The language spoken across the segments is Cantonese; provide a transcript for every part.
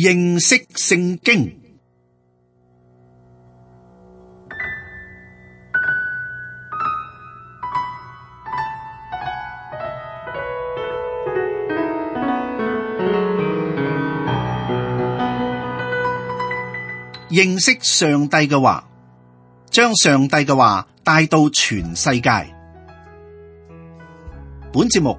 認識聖經，認識上帝嘅話，將上帝嘅話帶到全世界。本節目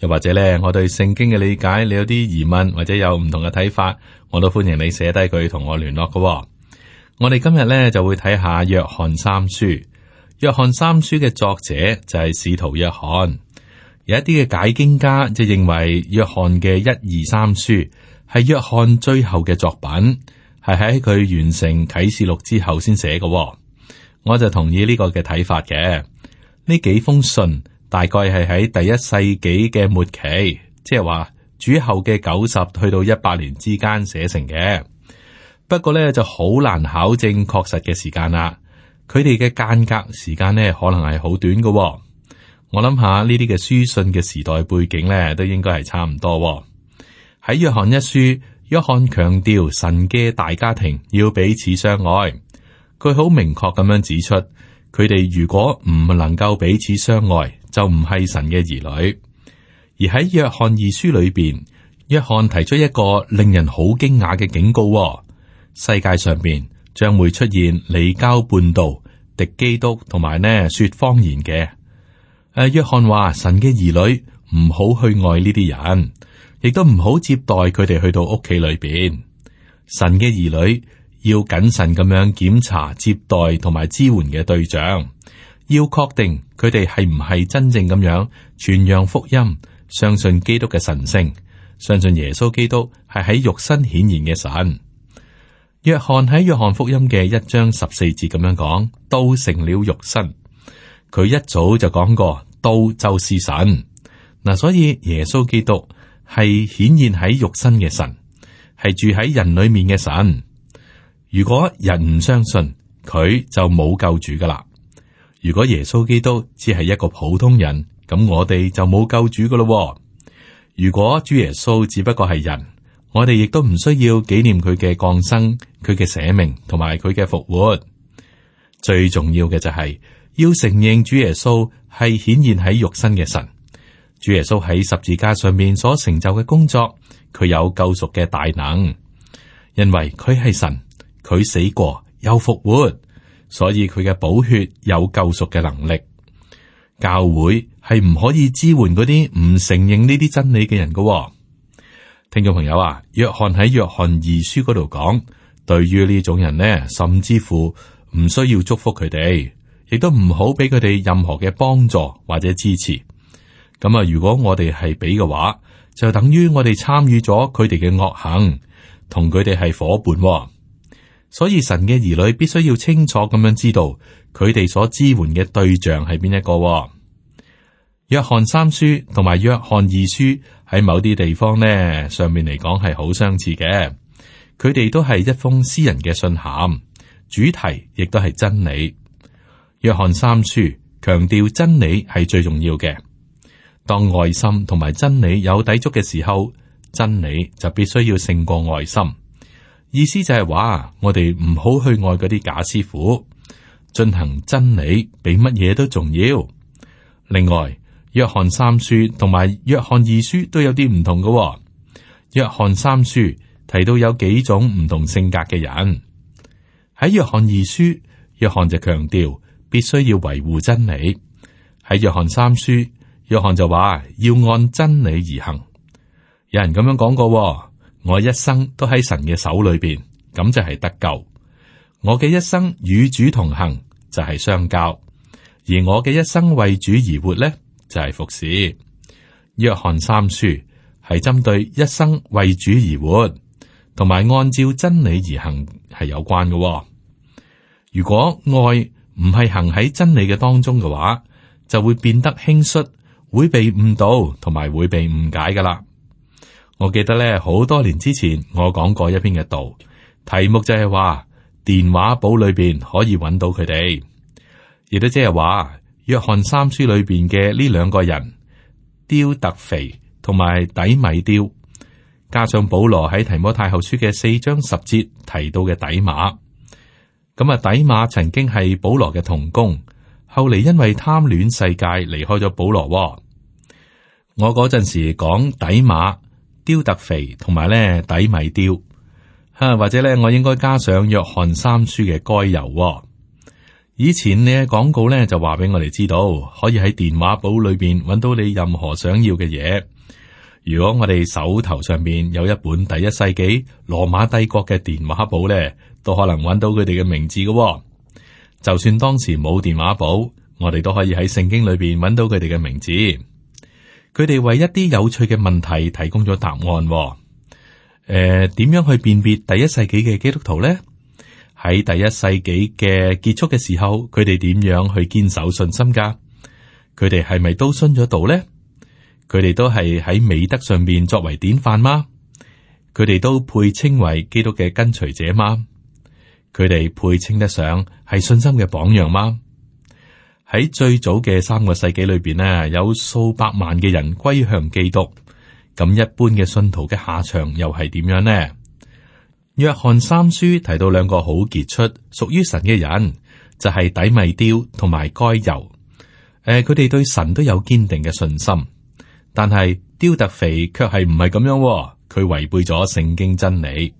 又或者咧，我對聖經嘅理解，你有啲疑問或者有唔同嘅睇法，我都歡迎你寫低佢同我聯絡嘅、哦。我哋今日咧就會睇下約翰三書。約翰三書嘅作者就係使徒約翰。有一啲嘅解經家就認為約翰嘅一二三書係約翰最後嘅作品，係喺佢完成啟示錄之後先寫嘅、哦。我就同意呢個嘅睇法嘅。呢幾封信。大概係喺第一世紀嘅末期，即係話主後嘅九十去到一百年之間寫成嘅。不過呢就好難考證確實嘅時間啦。佢哋嘅間隔時間呢，可能係好短㗎喎。我諗下呢啲嘅書信嘅時代背景呢，都應該係差唔多㗎喎。喺約翰一書，約翰強調神嘅大家庭要彼此相愛，佢好明確咁樣指出，佢哋如果唔能夠彼此相愛。就唔係神嘅兒女，而喺約翰二書裏邊，約翰提出一個令人好驚訝嘅警告哦：世界上邊將會出現離交叛道、敵基督同埋呢說謊言嘅。誒，約翰話神嘅兒女唔好去愛呢啲人，亦都唔好接待佢哋去到屋企裏邊。神嘅兒女要謹慎咁樣檢查接待同埋支援嘅對象。要確定佢哋係唔係真正咁樣傳揚福音，相信基督嘅神聖，相信耶穌基督係喺肉身顯現嘅神。約翰喺約翰福音嘅一章十四節咁樣講：道成了肉身。佢一早就講過，道就是神。嗱，所以耶穌基督係顯現喺肉身嘅神，係住喺人裏面嘅神。如果人唔相信，佢就冇救主噶啦。如果耶穌基督只係一個普通人，咁我哋就冇救主㗎咯。如果主耶穌只不過係人，我哋亦都唔需要紀念佢嘅降生、佢嘅捨命同埋佢嘅復活。最重要嘅就係要承認主耶穌係顯現喺肉身嘅神。主耶穌喺十字架上面所成就嘅工作，佢有救贖嘅大能，因為佢係神，佢死過又復活。所以佢嘅寶血有救贖嘅能力，教會係唔可以支援嗰啲唔承認呢啲真理嘅人噶喎。聽眾朋友啊，約翰喺約翰二書嗰度講，對於呢種人呢，甚至乎唔需要祝福佢哋，亦都唔好俾佢哋任何嘅幫助或者支持。咁啊，如果我哋係俾嘅話，就等於我哋參與咗佢哋嘅惡行，同佢哋係夥伴喎。所以神嘅兒女必須要清楚咁樣知道佢哋所支援嘅對象係邊一個哦。約翰三書同埋約翰二書喺某啲地方呢上面嚟講係好相似嘅，佢哋都係一封私人嘅信函，主題亦都係真理。約翰三書強調真理係最重要嘅，當愛心同埋真理有抵觸嘅時候，真理就必須要勝過愛心。意思就係話，我哋唔好去愛嗰啲假師傅，進行真理比乜嘢都重要。另外，約翰三書同埋約翰二書都有啲唔同嘅喎。約翰三書提到有幾種唔同性格嘅人。喺約翰二書，約翰就強調必須要維護真理。喺約翰三書，約翰就話要按真理而行。有人咁樣講過喎。我一生都喺神嘅手裏邊，咁就係得救。我嘅一生與主同行就係、是、相交，而我嘅一生為主而活呢就係、是、服侍。約翰三書係針對一生為主而活同埋按照真理而行係有關嘅，哦。如果愛唔係行喺真理嘅當中嘅話，就會變得輕率，會被誤導同埋會被誤解噶啦。我記得咧，好多年之前我講過一篇嘅道，題目就係話電話簿裏邊可以揾到佢哋，亦都即係話約翰三書裏邊嘅呢兩個人，丟特肥同埋底米丟，加上保羅喺提摩太後書嘅四章十節提到嘅底馬，咁啊底馬曾經係保羅嘅同工，後嚟因為貪戀世界離開咗保羅。我嗰陣時講底馬。丟特腓同埋咧低米丟，吓或者咧我應該加上約翰三書嘅該猶。以前呢個廣告咧就話俾我哋知道，可以喺電話簿裏邊揾到你任何想要嘅嘢。如果我哋手頭上邊有一本第一世紀羅馬帝國嘅電話簿咧，都可能揾到佢哋嘅名字嘅。就算當時冇電話簿，我哋都可以喺聖經裏邊揾到佢哋嘅名字。佢哋為一啲有趣嘅問題提供咗答案。誒、呃，點樣去辨別第一世紀嘅基督徒咧？喺第一世紀嘅結束嘅時候，佢哋點樣去堅守信心㗎？佢哋係咪都信咗道咧？佢哋都係喺美德上面作為典範嗎？佢哋都配稱為基督嘅跟隨者嗎？佢哋配稱得上係信心嘅榜樣嗎？喺最早嘅三個世紀裏邊咧，有數百萬嘅人歸向基督。咁一般嘅信徒嘅下場又係點樣呢？約翰三書提到兩個好傑出屬於神嘅人，就係、是、低米丟同埋該猶。誒、呃，佢哋對神都有堅定嘅信心，但係丟特腓卻係唔係咁樣、啊。佢違背咗聖經真理。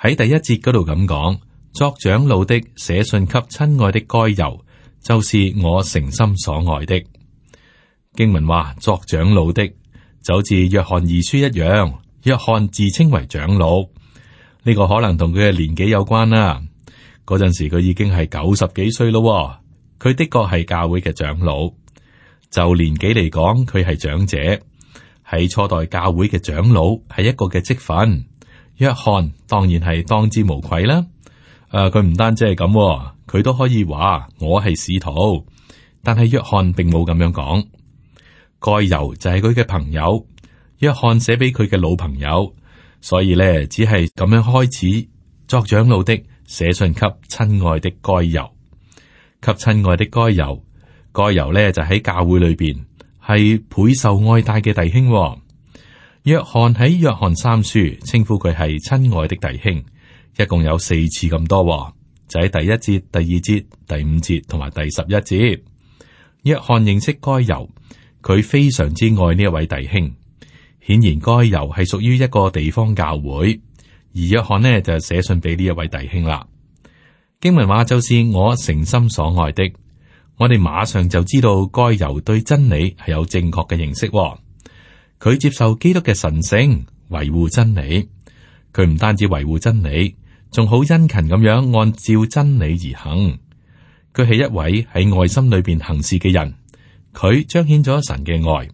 喺第一節嗰度咁講，作長老的寫信給親愛的該猶。就是我誠心所愛的經文話，作長老的，就好似約翰二書一樣，約翰自稱為長老。呢個可能同佢嘅年紀有關啦。嗰陣時佢已經係九十幾歲咯，佢的確係教會嘅長老。就年紀嚟講，佢係長者，喺初代教會嘅長老，係一個嘅職份。約翰當然係當之無愧啦。誒、啊，佢唔單止係咁。佢都可以話我係使徒，但係約翰並冇咁樣講。該猶就係佢嘅朋友，約翰寫俾佢嘅老朋友，所以咧只係咁樣開始作長老的寫信給親愛的該猶，給親愛的該猶。該猶呢就喺、是、教會裏邊係倍受愛戴嘅弟兄、哦。約翰喺約翰三書稱呼佢係親愛的弟兄，一共有四次咁多、哦。就喺第一節、第二節、第五節同埋第十一節，約翰認識該猶，佢非常之愛呢一位弟兄。顯然，該猶係屬於一個地方教會，而約翰呢就寫信俾呢一位弟兄啦。經文話就是我誠心所愛的，我哋馬上就知道該猶對真理係有正確嘅認識，哦。佢接受基督嘅神聖，維護真理。佢唔單止維護真理。仲好殷勤咁樣按照真理而行，佢係一位喺愛心裏邊行事嘅人，佢彰顯咗神嘅愛。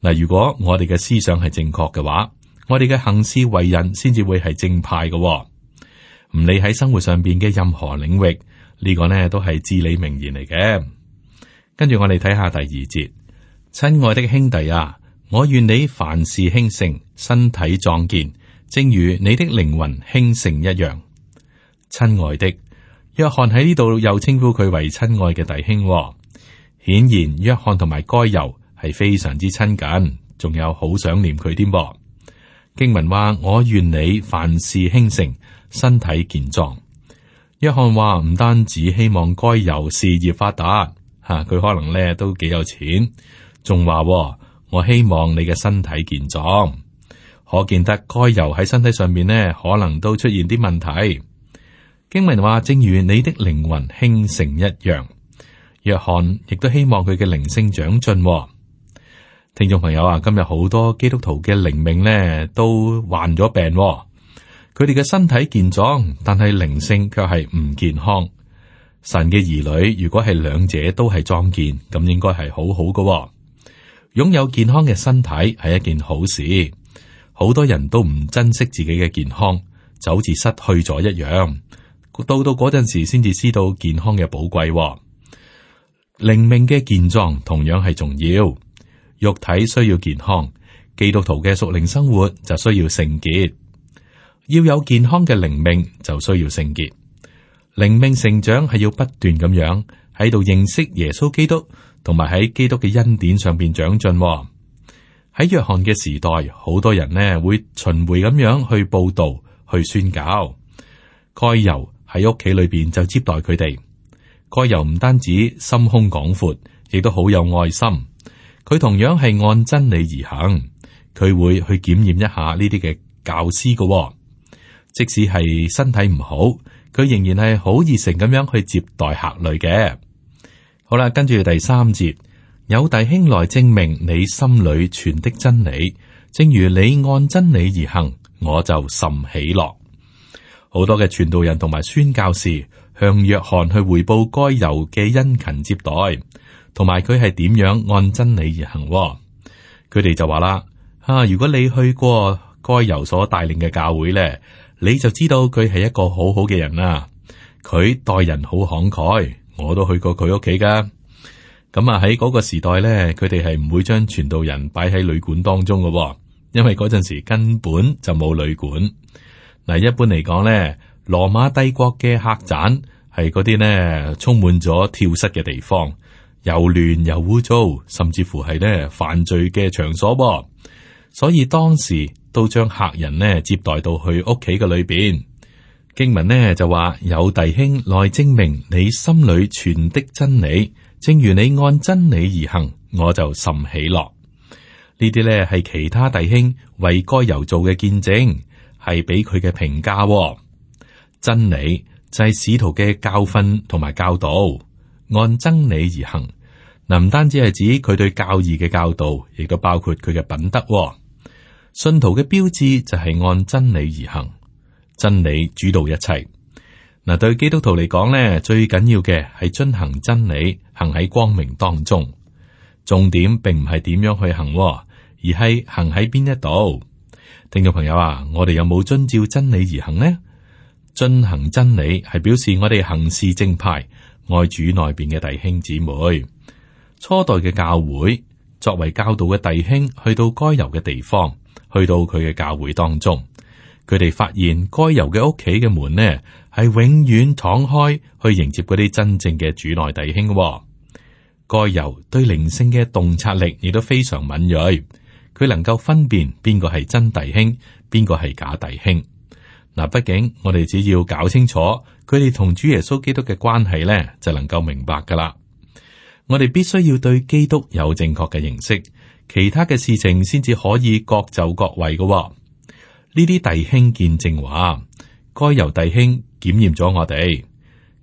嗱，如果我哋嘅思想係正確嘅話，我哋嘅行事為人先至會係正派嘅、哦。唔理喺生活上邊嘅任何領域，呢、呢個呢都係至理名言嚟嘅。跟住我哋睇下第二節，親愛的兄弟啊，我願你凡事興盛，身體壯健。正如你的靈魂興盛一樣，親愛的約翰喺呢度又稱呼佢為親愛嘅弟兄、哦，顯然約翰同埋該猶係非常之親近，仲有好想念佢添。經文話，我願你凡事興盛，身體健壯。約翰話唔單止希望該猶事業發達吓，佢、啊、可能咧都幾有錢，仲話、哦、我希望你嘅身體健壯。可見得該油喺身體上面呢，可能都出現啲問題。經文話：正如你的靈魂興盛一樣，約翰亦都希望佢嘅靈性長進喎。聽眾朋友啊，今日好多基督徒嘅靈命呢都患咗病喎，佢哋嘅身體健壯，但係靈性卻係唔健康。神嘅兒女如果係兩者都係壯健，咁應該係好好㗎喎。擁有健康嘅身體係一件好事。好多人都唔珍惜自己嘅健康，就好似失去咗一樣。到到嗰陣時，先至知道健康嘅寶貴喎。靈命嘅健壯同樣係重要，肉體需要健康。基督徒嘅屬靈生活就需要聖潔，要有健康嘅靈命就需要聖潔。靈命成長係要不斷咁樣喺度認識耶穌基督，同埋喺基督嘅恩典上邊長進喎。喺約翰嘅時代，好多人呢會巡回咁樣去報道、去宣教。該猶喺屋企裏邊就接待佢哋。該猶唔單止心胸廣闊，亦都好有愛心。佢同樣係按真理而行，佢會去檢驗一下呢啲嘅教師嘅、哦。即使係身體唔好，佢仍然係好熱誠咁樣去接待客旅嘅。好啦，跟住第三節。有弟兄來證明你心裏存的真理，正如你按真理而行，我就甚喜樂。好多嘅傳道人同埋宣教士向約翰去回報該猶嘅殷勤接待，同埋佢係點樣按真理而行。佢哋就話啦：啊，如果你去過該猶所帶領嘅教會咧，你就知道佢係一個好好嘅人啦。佢待人好慷慨，我都去過佢屋企㗎。咁啊，喺嗰個時代呢，佢哋係唔會將傳道人擺喺旅館當中噶，因為嗰陣時根本就冇旅館。嗱，一般嚟講呢，羅馬帝國嘅客棧係嗰啲呢充滿咗跳蚤嘅地方，又亂又污糟，甚至乎係呢犯罪嘅場所噃。所以當時都將客人呢接待到去屋企嘅裏邊。經文呢就話：有弟兄來證明你心裏存的真理。正如你按真理而行，我就甚喜樂。呢啲咧係其他弟兄為該猶做嘅見證，係俾佢嘅評價，哦。真理就係、是、使徒嘅教訓同埋教導，按真理而行。嗱，唔單止係指佢對教義嘅教導，亦都包括佢嘅品德，哦。信徒嘅標誌就係按真理而行，真理主導一切。嗱，對基督徒嚟講咧，最緊要嘅係遵行真理，行喺光明當中。重點並唔係點樣去行，而係行喺邊一度。聽眾朋友啊，我哋有冇遵照真理而行呢？遵行真理係表示我哋行事正派，愛主內邊嘅弟兄姊妹。初代嘅教會作為教導嘅弟兄，去到該猶嘅地方，去到佢嘅教會當中。佢哋發現該猶嘅屋企嘅門呢，係永遠敞開去迎接嗰啲真正嘅主內弟兄，哦。該猶對靈性嘅洞察力亦都非常敏銳，佢能夠分辨邊個係真弟兄，邊個係假弟兄。嗱，畢竟我哋只要搞清楚佢哋同主耶穌基督嘅關係呢，就能夠明白㗎喇。我哋必須要對基督有正確嘅認識，其他嘅事情先至可以各就各位噶，哦。呢啲弟兄見證話，該由弟兄檢驗咗我哋。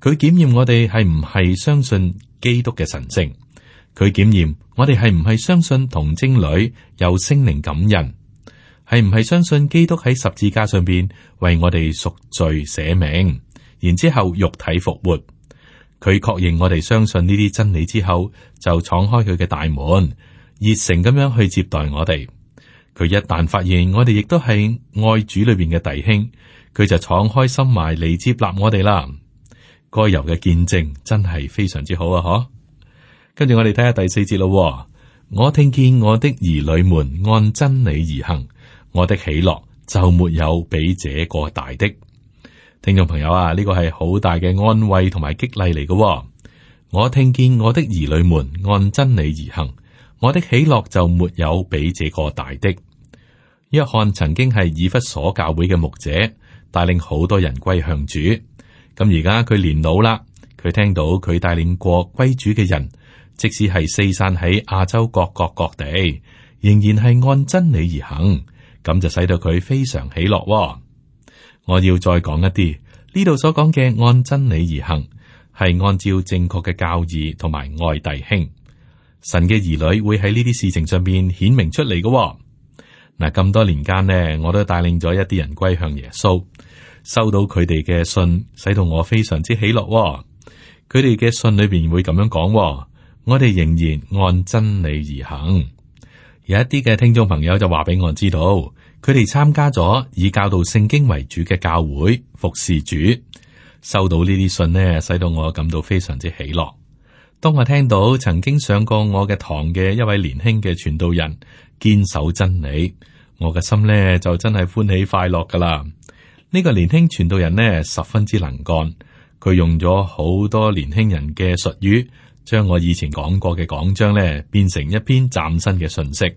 佢檢驗我哋係唔係相信基督嘅神聖，佢檢驗我哋係唔係相信童貞女有聖靈感人，係唔係相信基督喺十字架上邊為我哋贖罪捨命，然之後肉體復活。佢確認我哋相信呢啲真理之後，就敞開佢嘅大門，熱誠咁樣去接待我哋。佢一旦發現我哋亦都係愛主裏邊嘅弟兄，佢就敞開心懷嚟接納我哋啦。該猶嘅見證真係非常之好啊！嗬，跟住我哋睇下第四節咯。我聽見我的兒女們按真理而行，我的喜樂就沒有比這個大的。聽眾朋友啊，呢個係好大嘅安慰同埋激勵嚟嘅。我聽見我的兒女們按真理而行。我的喜樂就沒有比這個大的。約翰曾經係以弗所教會嘅牧者，帶領好多人歸向主。咁而家佢年老啦，佢聽到佢帶領過歸主嘅人，即使係四散喺亞洲各國各地，仍然係按真理而行，咁就使到佢非常喜樂哦。我要再講一啲，呢度所講嘅按真理而行，係按照正確嘅教義同埋愛弟兄。神嘅兒女會喺呢啲事情上邊顯明出嚟嘅哦。嗱，咁多年間呢，我都帶領咗一啲人歸向耶穌，收到佢哋嘅信，使到我非常之喜樂哦。佢哋嘅信裏邊會咁樣講：我哋仍然按真理而行。有一啲嘅聽眾朋友就話俾我知道，佢哋參加咗以教導聖經為主嘅教會服侍主，收到呢啲信呢，使到我感到非常之喜樂。當我聽到曾經上過我嘅堂嘅一位年輕嘅傳道人堅守真理，我嘅心呢就真係歡喜快樂噶啦。呢、這個年輕傳道人呢十分之能幹，佢用咗好多年輕人嘅術語，將我以前講過嘅講章呢變成一篇嶄新嘅信息。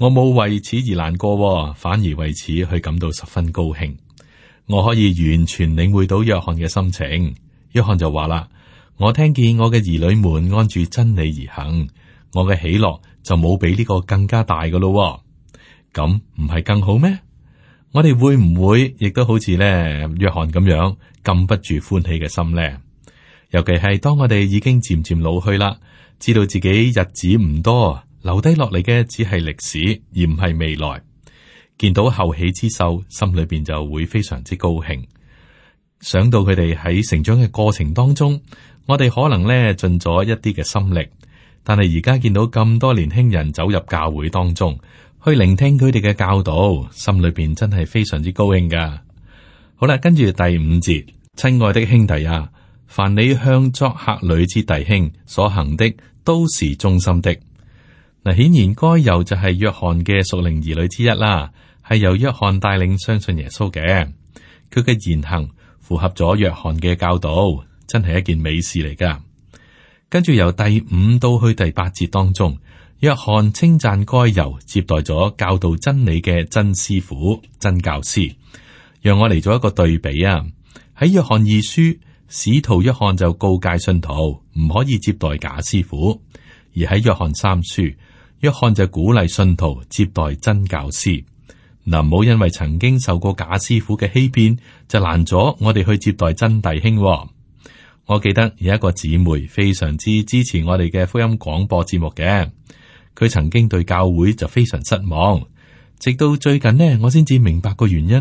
我冇為此而難過，反而為此去感到十分高興。我可以完全領會到約翰嘅心情。約翰就話啦。我聽見我嘅兒女們按住真理而行，我嘅喜樂就冇比呢個更加大嘅咯。咁唔係更好咩？我哋會唔會亦都好似咧約翰咁樣禁不住歡喜嘅心咧？尤其係當我哋已經漸漸老去啦，知道自己日子唔多，留低落嚟嘅只係歷史而唔係未來，見到後起之秀，心裏邊就會非常之高興。想到佢哋喺成長嘅過程當中。我哋可能咧盡咗一啲嘅心力，但係而家見到咁多年輕人走入教會當中，去聆聽佢哋嘅教導，心裏邊真係非常之高興噶。好啦，跟住第五節，親愛的兄弟啊，凡你向作客旅之弟兄所行的，都是忠心的。嗱，顯然該猶就係約翰嘅屬靈兒女之一啦，係由約翰帶領相信耶穌嘅，佢嘅言行符合咗約翰嘅教導。真係一件美事嚟㗎。跟住由第五到去第八節當中，約翰稱讚該猶接待咗教導真理嘅真師傅、真教師。讓我嚟做一個對比啊。喺約翰二書，使徒約翰就告誡信徒唔可以接待假師傅；而喺約翰三書，約翰就鼓勵信徒接待真教師。嗱，唔好因為曾經受過假師傅嘅欺騙，就難咗我哋去接待真弟兄。我記得有一個姊妹非常之支持我哋嘅福音廣播節目嘅，佢曾經對教會就非常失望，直到最近呢，我先至明白個原因。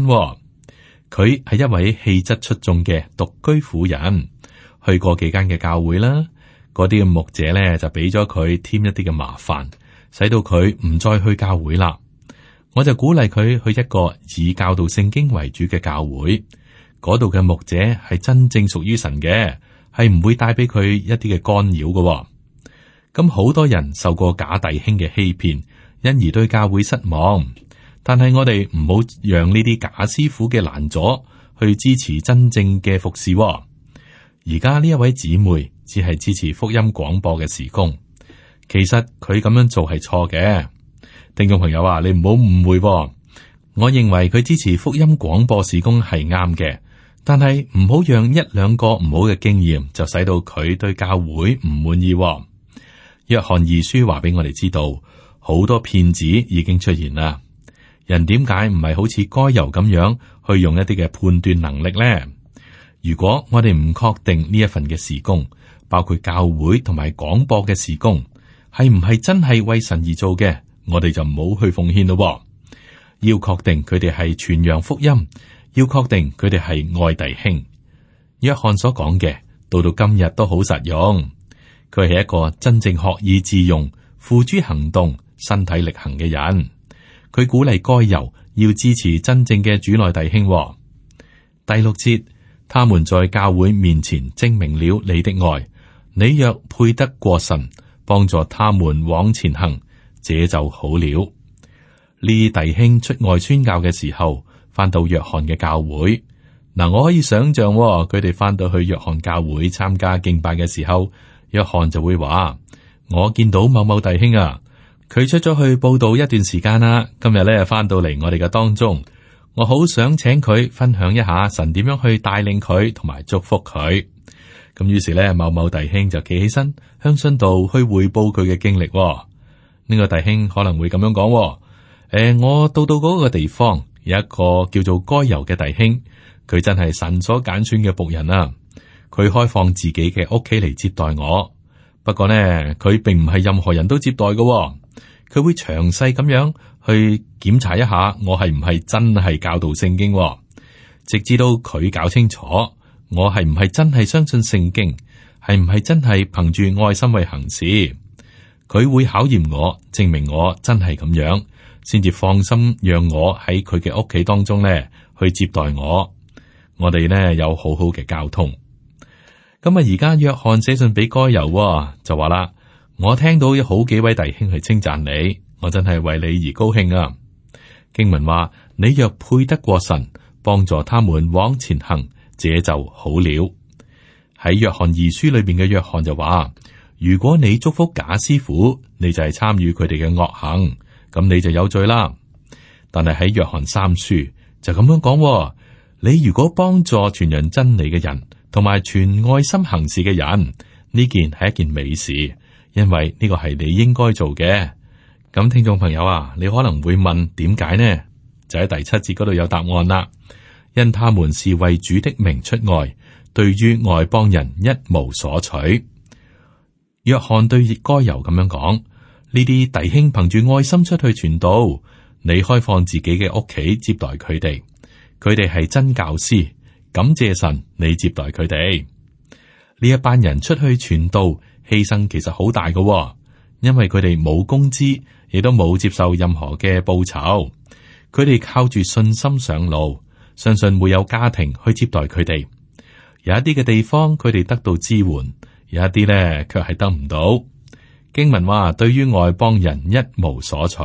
佢係一位氣質出眾嘅獨居婦人，去過幾間嘅教會啦，嗰啲嘅牧者呢，就俾咗佢添一啲嘅麻煩，使到佢唔再去教會啦。我就鼓勵佢去一個以教導聖經為主嘅教會，嗰度嘅牧者係真正屬於神嘅。係唔會帶俾佢一啲嘅干擾嘅、哦，咁好多人受過假弟兄嘅欺騙，因而對教會失望。但係我哋唔好讓呢啲假師傅嘅難阻去支持真正嘅服侍、哦。而家呢一位姊妹只係支持福音廣播嘅事工，其實佢咁樣做係錯嘅。聽眾朋友話，你唔好誤會、哦，我認為佢支持福音廣播事工係啱嘅。但係唔好讓一兩個唔好嘅經驗就使到佢對教會唔滿意喎。約翰二書話俾我哋知道，好多騙子已經出現啦。人點解唔係好似該猶咁樣去用一啲嘅判斷能力呢？如果我哋唔確定呢一份嘅時工，包括教會同埋廣播嘅時工係唔係真係為神而做嘅，我哋就唔好去奉獻咯喎。要確定佢哋係傳揚福音。要確定佢哋係愛弟兄，約翰所講嘅到到今日都好實用。佢係一個真正學以致用、付諸行動、身體力行嘅人。佢鼓勵該猶要支持真正嘅主內弟兄。第六節，他們在教會面前證明了你的愛。你若配得過神幫助他們往前行，這就好了。呢弟兄出外宣教嘅時候。翻到約翰嘅教會嗱，我可以想象佢哋翻到去約翰教會參加敬拜嘅時候，約翰就會話：我見到某某弟兄啊，佢出咗去報道一段時間啦。今日咧翻到嚟我哋嘅當中，我好想請佢分享一下神點樣去帶領佢，同埋祝福佢。咁於是咧，某某弟兄就企起身，向信道去匯報佢嘅經歷。呢個弟兄可能會咁樣講：誒，我到到嗰個地方。有一個叫做該猶嘅弟兄，佢真係神所揀選嘅僕人啊！佢開放自己嘅屋企嚟接待我。不過呢，佢並唔係任何人都接待嘅喎，佢會詳細咁樣去檢查一下我係唔係真係教導聖經喎，直至到佢搞清楚我係唔係真係相信聖經，係唔係真係憑住愛心去行事，佢會考驗我，證明我真係咁樣。先至放心，讓我喺佢嘅屋企當中呢去接待我。我哋呢有好好嘅交通。咁啊，而家約翰寫信俾該猶就話啦：我聽到有好幾位弟兄係稱讚你，我真係為你而高興啊！經文話：你若配得過神幫助他們往前行，這就好了。喺約翰二書裏邊嘅約翰就話：如果你祝福假師傅，你就係參與佢哋嘅惡行。咁你就有罪啦。但係喺約翰三書就咁樣講，你如果幫助傳人真理嘅人，同埋全愛心行事嘅人，呢件係一件美事，因為呢個係你應該做嘅。咁聽眾朋友啊，你可能會問，點解呢？就喺第七節嗰度有答案啦。因他們是為主的名出外，對於外邦人一無所取。約翰對該猶咁樣講。呢啲弟兄憑住愛心出去傳道，你開放自己嘅屋企接待佢哋，佢哋係真教師，感謝神，你接待佢哋。呢一班人出去傳道，犧牲其實好大㗎喎，因為佢哋冇工資，亦都冇接受任何嘅報酬，佢哋靠住信心上路，相信會有家庭去接待佢哋。有一啲嘅地方佢哋得到支援，有一啲呢，卻係得唔到。經文話，對於外邦人一無所取，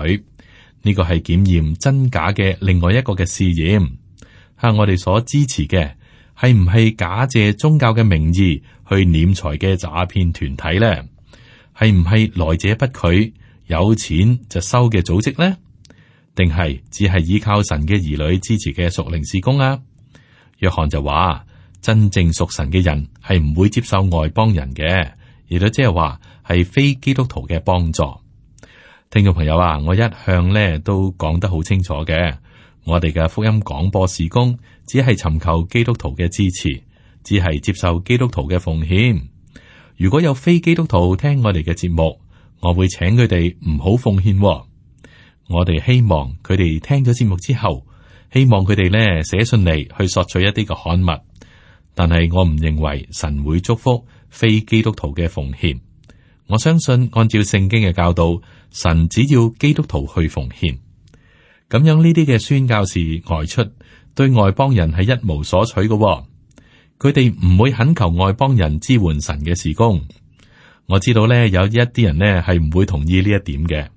呢個係檢驗真假嘅另外一個嘅試驗。吓，我哋所支持嘅係唔係假借宗教嘅名義去斂財嘅詐騙團體呢？係唔係來者不拒，有錢就收嘅組織呢？定係只係依靠神嘅兒女支持嘅屬靈事工啊？約翰就話，真正屬神嘅人係唔會接受外邦人嘅，而佢即係話。係非基督徒嘅幫助，聽眾朋友啊，我一向咧都講得好清楚嘅。我哋嘅福音廣播事工只係尋求基督徒嘅支持，只係接受基督徒嘅奉獻。如果有非基督徒聽我哋嘅節目，我會請佢哋唔好奉獻喎。我哋希望佢哋聽咗節目之後，希望佢哋咧寫信嚟去索取一啲嘅刊物。但係我唔認為神會祝福非基督徒嘅奉獻。我相信，按照聖經嘅教導，神只要基督徒去奉獻。咁樣呢啲嘅宣教士，外出對外邦人係一無所取嘅、哦。佢哋唔會懇求外邦人支援神嘅事工。我知道咧有一啲人咧係唔會同意呢一點嘅，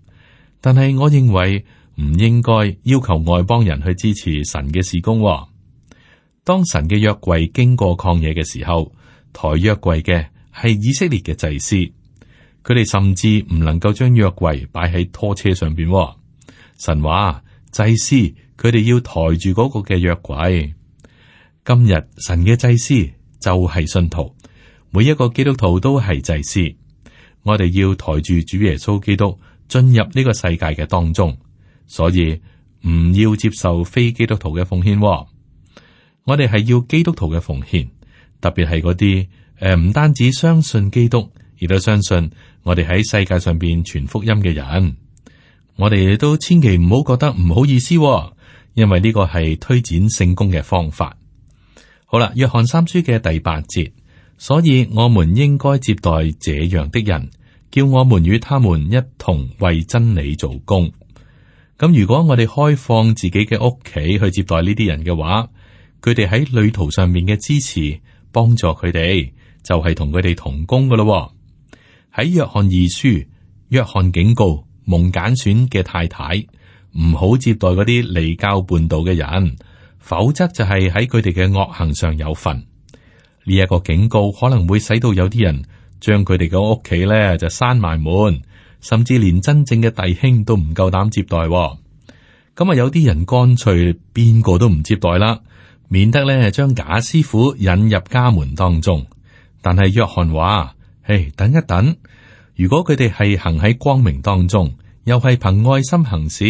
但係我認為唔應該要求外邦人去支持神嘅事工、哦。當神嘅約櫃經過曠野嘅時候，抬約櫃嘅係以色列嘅祭司。佢哋甚至唔能夠將約櫃擺喺拖車上邊、哦。神話祭司，佢哋要抬住嗰個嘅約櫃。今日神嘅祭司就係信徒，每一個基督徒都係祭司。我哋要抬住主耶穌基督進入呢個世界嘅當中，所以唔要接受非基督徒嘅奉獻、哦。我哋係要基督徒嘅奉獻，特別係嗰啲誒唔單止相信基督。亦都相信我哋喺世界上邊傳福音嘅人，我哋亦都千祈唔好覺得唔好意思，因為呢個係推展聖工嘅方法。好啦，約翰三書嘅第八節，所以我們應該接待這樣的人，叫我們與他們一同為真理做工。咁如果我哋開放自己嘅屋企去接待呢啲人嘅話，佢哋喺旅途上面嘅支持，幫助佢哋，就係同佢哋同工嘅咯。喺約翰二書，約翰警告蒙揀選嘅太太唔好接待嗰啲離經叛道嘅人，否則就係喺佢哋嘅惡行上有份。呢、這、一個警告可能會使到有啲人將佢哋嘅屋企咧就閂埋門，甚至連真正嘅弟兄都唔夠膽接待、哦。咁啊有啲人乾脆邊個都唔接待啦，免得咧將假師傅引入家門當中。但係約翰話。誒，hey，等一等。如果佢哋係行喺光明當中，又係憑愛心行事，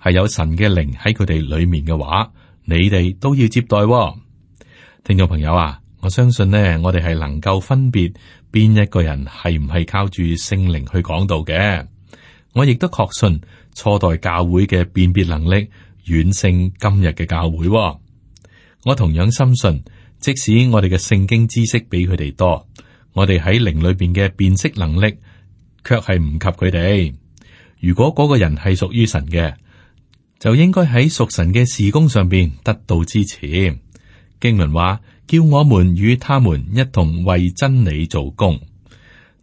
係有神嘅靈喺佢哋裏面嘅話，你哋都要接待喎。聽眾朋友啊，我相信咧，我哋係能夠分別邊一個人係唔係靠住聖靈去講道嘅。我亦都確信初代教會嘅辨別能力遠勝今日嘅教會喎。我同樣深信，即使我哋嘅聖經知識比佢哋多。我哋喺靈裏邊嘅辨識能力，卻係唔及佢哋。如果嗰個人係屬於神嘅，就應該喺屬神嘅事工上邊得到支持。經文話：叫我們與他們一同為真理做工。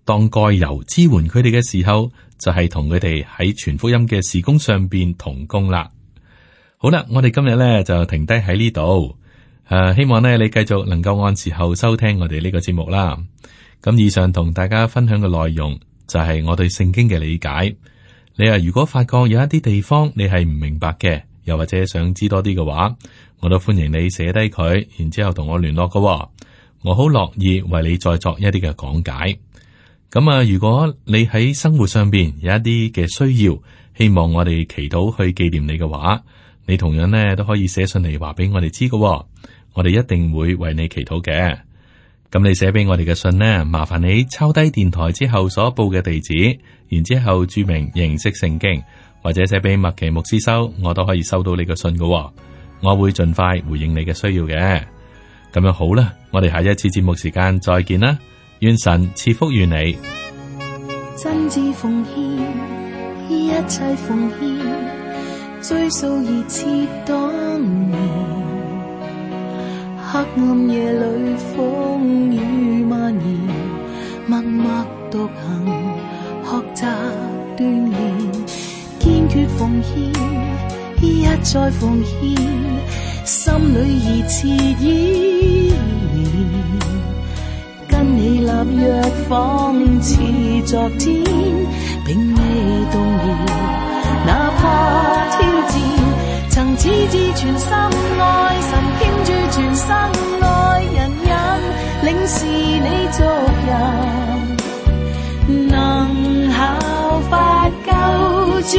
當蓋由支援佢哋嘅時候，就係同佢哋喺全福音嘅事工上邊同工啦。好啦，我哋今日咧就停低喺呢度。誒、呃，希望呢你繼續能夠按時候收聽我哋呢個節目啦。咁以上同大家分享嘅內容就係、是、我對聖經嘅理解。你啊，如果發覺有一啲地方你係唔明白嘅，又或者想知多啲嘅話，我都歡迎你寫低佢，然之後同我聯絡噶、哦。我好樂意為你再作一啲嘅講解。咁、嗯、啊，如果你喺生活上邊有一啲嘅需要，希望我哋祈禱去紀念你嘅話，你同樣咧都可以寫信嚟話俾我哋知噶。我哋一定會為你祈禱嘅。咁你寫俾我哋嘅信呢？麻煩你抄低電台之後所報嘅地址，然之後注明形式聖經，或者寫俾麥奇牧師收，我都可以收到你嘅信噶、哦。我會盡快回應你嘅需要嘅。咁樣好啦，我哋下一次節目時間再見啦，願神賜福於你。真摯奉獻，一切奉獻，追數而切當。暗夜裏風雨蔓延，默默獨行，學習鍛鍊，堅決奉獻，一再奉獻，心裏熱熾依然。跟你立約仿似昨天，並未動搖，哪怕挑戰，曾矢志全心愛神。全心愛人忍，引領是你族人，能效法救主。